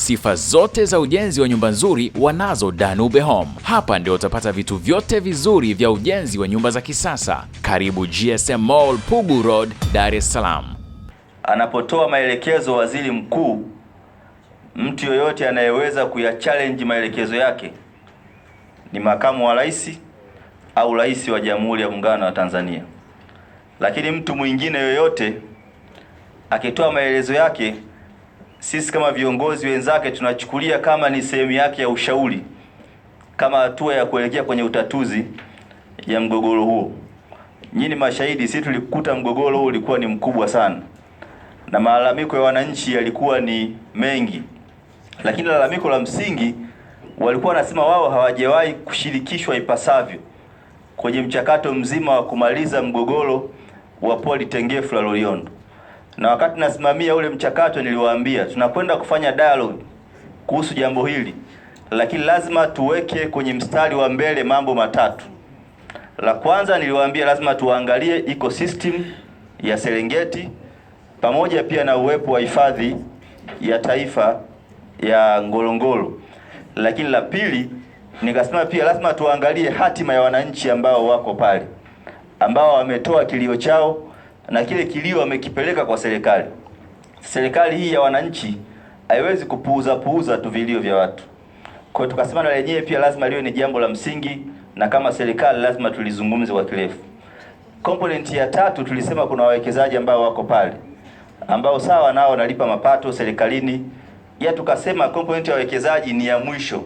Sifa zote za ujenzi wa nyumba nzuri wanazo Danube Home. Hapa ndio utapata vitu vyote vizuri vya ujenzi wa nyumba za kisasa. Karibu GSM Mall, Pugu Road, Dar es Salaam. Anapotoa maelekezo waziri mkuu, mtu yoyote anayeweza kuyachallenge maelekezo yake ni makamu wa rais au rais wa Jamhuri ya Muungano wa Tanzania, lakini mtu mwingine yoyote akitoa maelezo yake sisi kama viongozi wenzake tunachukulia kama ni sehemu yake ya ushauri kama hatua ya kuelekea kwenye utatuzi ya mgogoro huo. Nyinyi mashahidi, sisi tulikuta mgogoro huo ulikuwa ni mkubwa sana, na malalamiko ya wananchi yalikuwa ni mengi, lakini lalamiko la msingi walikuwa wanasema wao hawajawahi kushirikishwa ipasavyo kwenye mchakato mzima wa kumaliza mgogoro wa poli tengefu la Loliondo na wakati nasimamia ule mchakato niliwaambia tunakwenda kufanya dialogue kuhusu jambo hili, lakini lazima tuweke kwenye mstari wa mbele mambo matatu. La kwanza niliwaambia lazima tuangalie ecosystem ya Serengeti pamoja pia na uwepo wa hifadhi ya taifa ya Ngorongoro, lakini la pili nikasema pia lazima tuangalie hatima ya wananchi ambao wako pale ambao wametoa kilio chao na kile kilio amekipeleka kwa serikali. Serikali hii ya wananchi haiwezi kupuuza puuza tu vilio vya watu. Kwa hiyo tukasema na lenyewe pia lazima liwe ni jambo la msingi, na kama serikali lazima tulizungumze kwa kirefu. Component ya tatu tulisema kuna wawekezaji ambao wako pale ambao sawa nao wanalipa mapato serikalini, ya tukasema component ya wawekezaji ni ya mwisho.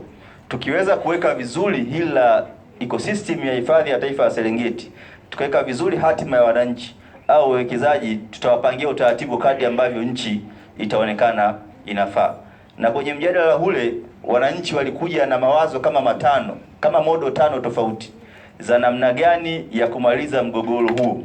Tukiweza kuweka vizuri hili la ecosystem ya hifadhi ya taifa ya Serengeti, tukaweka vizuri hatima ya wananchi au wawekezaji tutawapangia utaratibu kadri ambavyo nchi itaonekana inafaa. Na kwenye mjadala ule wananchi walikuja na mawazo kama matano, kama modo tano tofauti za namna gani ya kumaliza mgogoro huu.